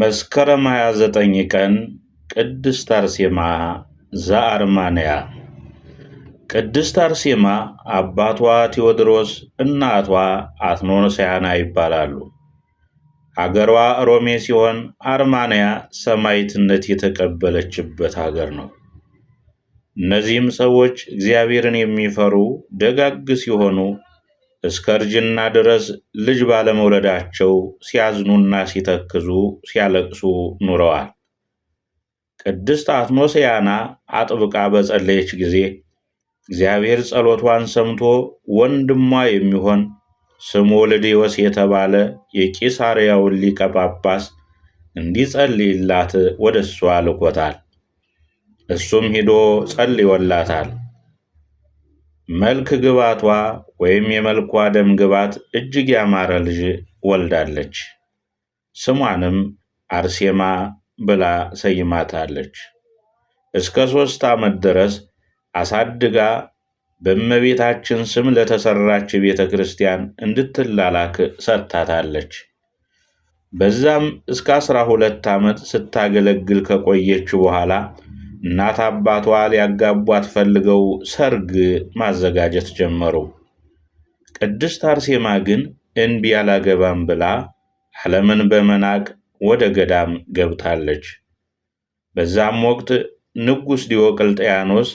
መስከረም 29 ቀን ቅድስት አርሴማ ዘአርማንያ። ቅድስት አርሴማ አባቷ ቴዎድሮስ፣ እናቷ አትኖስያና ይባላሉ። አገሯ ሮሜ ሲሆን አርማንያ ሰማዕትነት የተቀበለችበት አገር ነው። እነዚህም ሰዎች እግዚአብሔርን የሚፈሩ ደጋግ ሲሆኑ እስከ እርጅና ድረስ ልጅ ባለመውለዳቸው ሲያዝኑና ሲተክዙ ሲያለቅሱ ኑረዋል። ቅድስት አትሞስያና አጥብቃ በጸለየች ጊዜ እግዚአብሔር ጸሎቷን ሰምቶ ወንድሟ የሚሆን ስሙ ልድዮስ የተባለ የቂሳርያውን ሊቀ ጳጳስ እንዲጸልይላት ወደ እሷ ልኮታል። እሱም ሂዶ ጸልዮላታል። መልክ ግባቷ ወይም የመልኳ ደም ግባት እጅግ ያማረ ልጅ ወልዳለች። ስሟንም አርሴማ ብላ ሰይማታለች። እስከ ሦስት ዓመት ድረስ አሳድጋ በእመቤታችን ስም ለተሰራች ቤተ ክርስቲያን እንድትላላክ ሰጥታታለች። በዛም እስከ አስራ ሁለት ዓመት ስታገለግል ከቆየች በኋላ እናት አባቷ ሊያጋቧት ፈልገው ሰርግ ማዘጋጀት ጀመሩ። ቅድስት አርሴማ ግን እንቢ ያላገባም ብላ ዓለምን በመናቅ ወደ ገዳም ገብታለች። በዛም ወቅት ንጉሥ ዲዮቅልጥያኖስ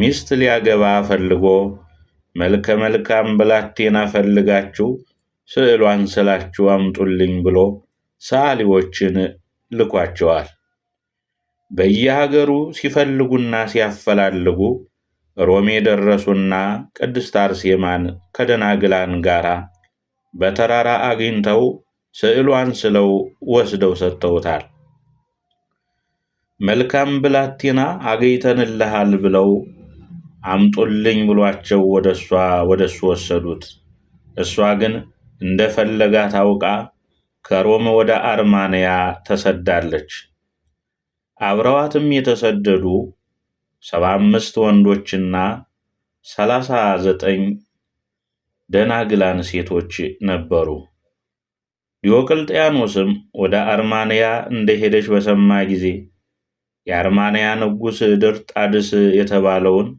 ሚስት ሊያገባ ፈልጎ መልከ መልካም ብላቴና ፈልጋችሁ ስዕሏን ስላችሁ አምጡልኝ ብሎ ሰዓሊዎችን ልኳቸዋል። በየሀገሩ ሲፈልጉና ሲያፈላልጉ ሮሜ ደረሱና ቅድስት አርሴማን ከደናግላን ጋር በተራራ አግኝተው ስዕሏን ስለው ወስደው ሰጥተውታል። መልካም ብላቴና አገኝተንልሃል ብለው አምጡልኝ ብሏቸው ወደ እሷ ወደ እሱ ወሰዱት። እሷ ግን እንደ ፈለጋት አውቃ ከሮም ወደ አርማንያ ተሰዳለች። አብረዋትም የተሰደዱ ሰባ አምስት ወንዶችና ሰላሳ ዘጠኝ ደናግላን ሴቶች ነበሩ። ዲዮቅልጥያኖስም ወደ አርማንያ እንደሄደች በሰማ ጊዜ የአርማንያ ንጉሥ ድርጣድስ የተባለውን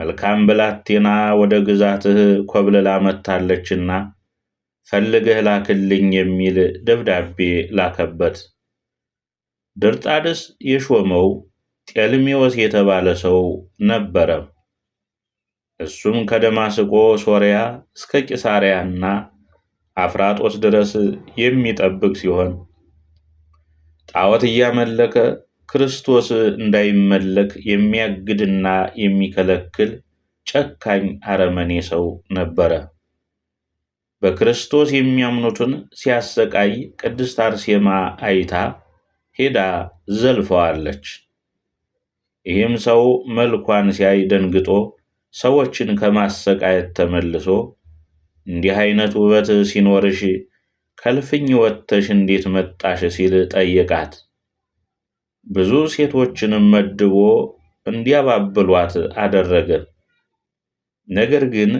መልካም ብላቴና ወደ ግዛትህ ኮብልላ መታለችና ፈልገህ ላክልኝ የሚል ደብዳቤ ላከበት። ድርጣድስ የሾመው ጤልሜዎስ የተባለ ሰው ነበረ። እሱም ከደማስቆ ሶሪያ እስከ ቂሳሪያና አፍራጦስ ድረስ የሚጠብቅ ሲሆን ጣዖት እያመለከ ክርስቶስ እንዳይመለክ የሚያግድና የሚከለክል ጨካኝ አረመኔ ሰው ነበረ። በክርስቶስ የሚያምኑትን ሲያሰቃይ ቅድስት አርሴማ አይታ ሄዳ ዘልፈዋለች። ይህም ሰው መልኳን ሲያይ ደንግጦ ሰዎችን ከማሰቃየት ተመልሶ እንዲህ አይነት ውበት ሲኖርሽ ከልፍኝ ወጥተሽ እንዴት መጣሽ ሲል ጠየቃት። ብዙ ሴቶችንም መድቦ እንዲያባብሏት አደረገ። ነገር ግን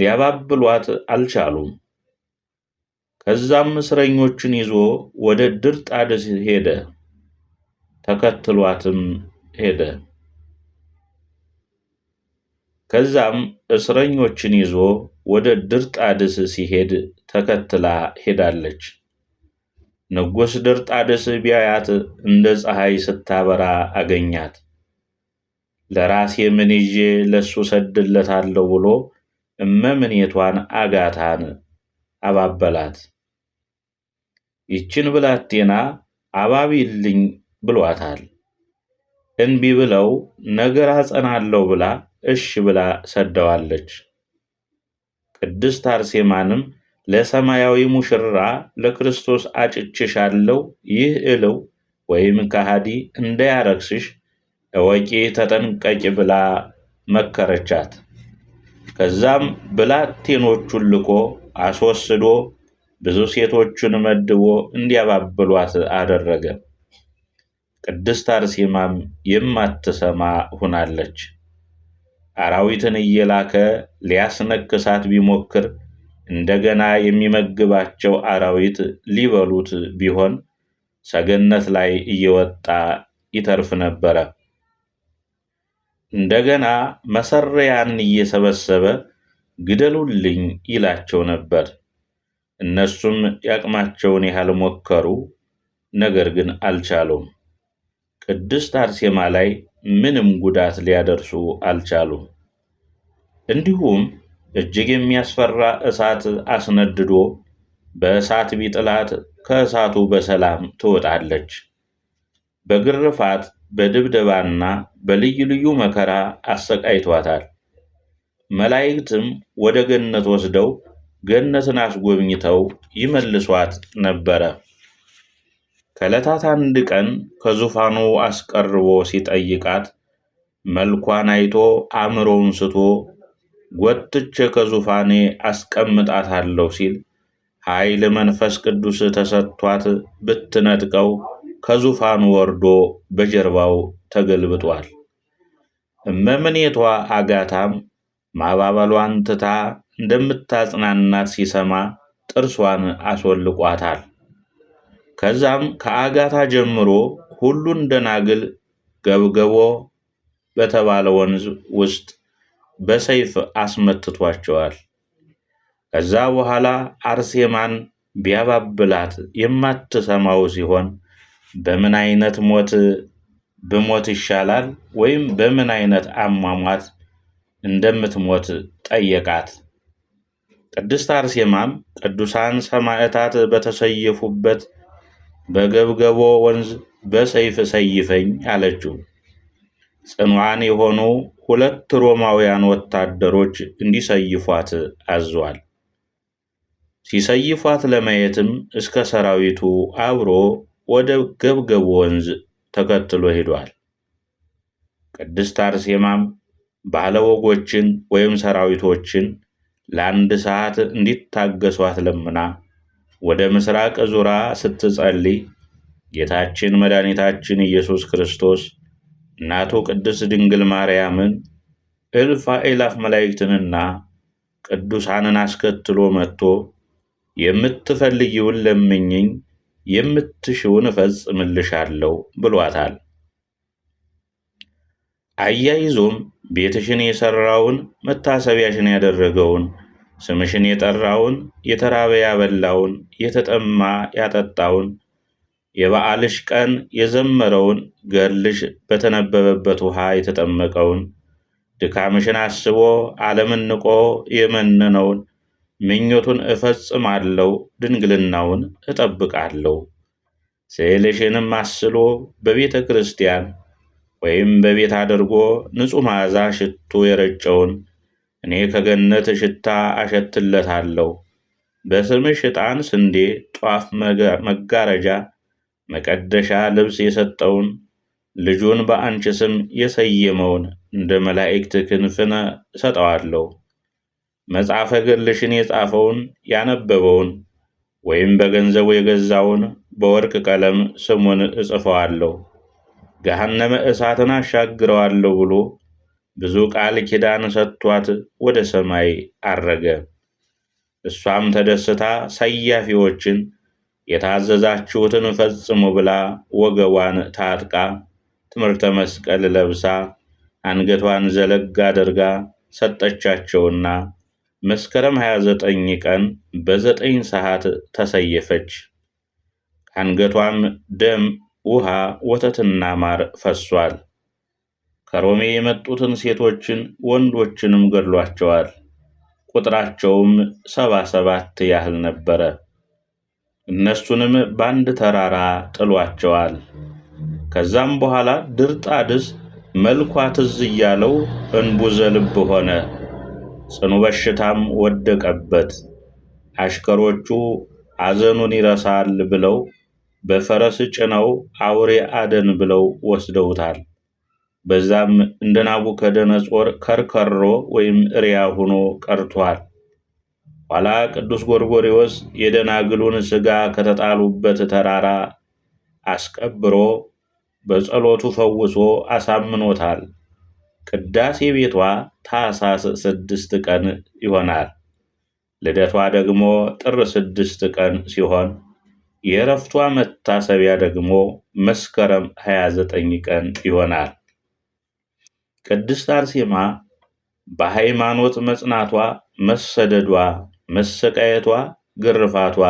ሊያባብሏት አልቻሉም። ከዛም እስረኞችን ይዞ ወደ ድርጣድስ ሄደ፣ ተከትሏትም ሄደ። ከዛም እስረኞችን ይዞ ወደ ድርጣድስ ሲሄድ ተከትላ ሄዳለች። ንጉሥ ድር ጣድስ ቢያያት እንደ ፀሐይ ስታበራ አገኛት። ለራሴ ምን ይዤ ለእሱ ሰድለታለሁ ብሎ እመምኔቷን አጋታን አባበላት። ይችን ብላቴና አባቢልኝ ብሏታል። እንቢ ብለው ነገር አጸናለሁ ብላ እሽ ብላ ሰደዋለች። ቅድስት አርሴማንም ለሰማያዊ ሙሽራ ለክርስቶስ አጭችሻለሁ፣ ይህ እልው ወይም ከሃዲ እንዳያረክስሽ እወቂ፣ ተጠንቀቂ ብላ መከረቻት። ከዛም ብላቴኖቹን ልኮ አስወስዶ ብዙ ሴቶቹን መድቦ እንዲያባብሏት አደረገ። ቅድስት አርሴማም የማትሰማ ሁናለች። አራዊትን እየላከ ሊያስነክሳት ቢሞክር እንደገና የሚመግባቸው አራዊት ሊበሉት ቢሆን ሰገነት ላይ እየወጣ ይተርፍ ነበረ። እንደገና መሰሪያን እየሰበሰበ ግደሉልኝ ይላቸው ነበር። እነሱም ያቅማቸውን ያህል ሞከሩ፣ ነገር ግን አልቻሉም። ቅድስት አርሴማ ላይ ምንም ጉዳት ሊያደርሱ አልቻሉም። እንዲሁም እጅግ የሚያስፈራ እሳት አስነድዶ በእሳት ቢጥላት ከእሳቱ በሰላም ትወጣለች። በግርፋት በድብደባና በልዩ ልዩ መከራ አሰቃይቷታል። መላእክትም ወደ ገነት ወስደው ገነትን አስጎብኝተው ይመልሷት ነበረ። ከዕለታት አንድ ቀን ከዙፋኑ አስቀርቦ ሲጠይቃት መልኳን አይቶ አእምሮውን ስቶ ጎትቼ ከዙፋኔ አስቀምጣታለሁ ሲል ኃይል መንፈስ ቅዱስ ተሰጥቷት ብትነጥቀው ከዙፋኑ ወርዶ በጀርባው ተገልብጧል። እመምኔቷ አጋታም ማባበሏን ትታ እንደምታጽናናት ሲሰማ ጥርሷን አስወልቋታል። ከዛም ከአጋታ ጀምሮ ሁሉን ደናግል ገብገቦ በተባለ ወንዝ ውስጥ በሰይፍ አስመትቷቸዋል። ከዛ በኋላ አርሴማን ቢያባብላት የማትሰማው ሲሆን በምን አይነት ሞት ብሞት ይሻላል ወይም በምን አይነት አሟሟት እንደምትሞት ጠየቃት። ቅድስት አርሴማም ቅዱሳን ሰማዕታት በተሰየፉበት በገብገቦ ወንዝ በሰይፍ ሰይፈኝ አለችው። ጽንዋን የሆኑ ሁለት ሮማውያን ወታደሮች እንዲሰይፏት አዟል። ሲሰይፏት ለማየትም እስከ ሰራዊቱ አብሮ ወደ ገብገቦ ወንዝ ተከትሎ ሄዷል። ቅድስት አርሴማም ባለወጎችን ወይም ሰራዊቶችን ለአንድ ሰዓት እንዲታገሷት ለምና ወደ ምስራቅ ዙራ ስትጸልይ ጌታችን መድኃኒታችን ኢየሱስ ክርስቶስ እናቱ ቅድስት ድንግል ማርያምን እልፍ አእላፍ መላእክትንና ቅዱሳንን አስከትሎ መጥቶ የምትፈልጊውን ለምኝኝ፣ የምትሽውን እፈጽምልሻለሁ ብሏታል። አያይዞም ቤትሽን መታሰቢያ መታሰቢያሽን ያደረገውን ስምሽን የጠራውን የተራበ ያበላውን የተጠማ ያጠጣውን የበዓልሽ ቀን የዘመረውን ገድልሽ በተነበበበት ውሃ የተጠመቀውን ድካምሽን አስቦ ዓለምን ንቆ የመነነውን ምኞቱን እፈጽማለሁ፣ ድንግልናውን እጠብቃለሁ። ስዕልሽንም አስሎ በቤተ ክርስቲያን ወይም በቤት አድርጎ ንጹሕ መዓዛ ሽቱ የረጨውን እኔ ከገነት ሽታ አሸትለታለሁ። በስምሽ ዕጣን፣ ስንዴ፣ ጧፍ፣ መጋረጃ፣ መቀደሻ ልብስ የሰጠውን ልጁን በአንቺ ስም የሰየመውን እንደ መላእክት ክንፍን እሰጠዋለሁ። መጽሐፈ ገድልሽን የጻፈውን ያነበበውን ወይም በገንዘቡ የገዛውን በወርቅ ቀለም ስሙን እጽፈዋለሁ። ገሃነመ እሳትን አሻግረዋለሁ ብሎ ብዙ ቃል ኪዳን ሰጥቷት ወደ ሰማይ አረገ። እሷም ተደስታ ሰያፊዎችን የታዘዛችሁትን ፈጽሙ ብላ ወገቧን ታጥቃ ትምህርተ መስቀል ለብሳ አንገቷን ዘለግ አድርጋ ሰጠቻቸውና መስከረም 29 ቀን በዘጠኝ ሰዓት ተሰየፈች። ከአንገቷም ደም ውሃ ወተትና ማር ፈሷል። ከሮሜ የመጡትን ሴቶችን ወንዶችንም ገድሏቸዋል። ቁጥራቸውም ሰባ ሰባት ያህል ነበረ። እነሱንም በአንድ ተራራ ጥሏቸዋል። ከዛም በኋላ ድርጣድስ መልኳ ትዝ እያለው እንቡዘ ልብ ሆነ፣ ጽኑ በሽታም ወደቀበት። አሽከሮቹ አዘኑን ይረሳል ብለው በፈረስ ጭነው አውሬ አደን ብለው ወስደውታል። በዛም እንደ ናቡከደነጾር ከርከሮ ወይም እሪያ ሆኖ ቀርቷል። ኋላ ቅዱስ ጎርጎሪዎስ የደናግሉን ሥጋ ከተጣሉበት ተራራ አስቀብሮ በጸሎቱ ፈውሶ አሳምኖታል። ቅዳሴ ቤቷ ታኅሳስ ስድስት ቀን ይሆናል። ልደቷ ደግሞ ጥር ስድስት ቀን ሲሆን የእረፍቷ መታሰቢያ ደግሞ መስከረም 29 ቀን ይሆናል። ቅድስት አርሴማ በሃይማኖት መጽናቷ፣ መሰደዷ፣ መሰቃየቷ፣ ግርፋቷ፣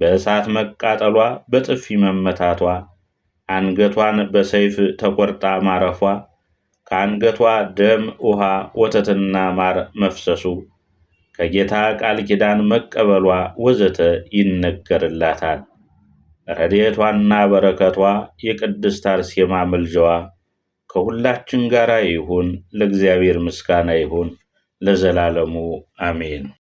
በእሳት መቃጠሏ፣ በጥፊ መመታቷ፣ አንገቷን በሰይፍ ተቆርጣ ማረፏ፣ ከአንገቷ ደም፣ ውሃ፣ ወተትና ማር መፍሰሱ ከጌታ ቃል ኪዳን መቀበሏ ወዘተ ይነገርላታል። ረድኤቷና በረከቷ የቅድስት አርሴማ ምልጃዋ ከሁላችን ጋር ይሁን። ለእግዚአብሔር ምስጋና ይሁን ለዘላለሙ አሜን።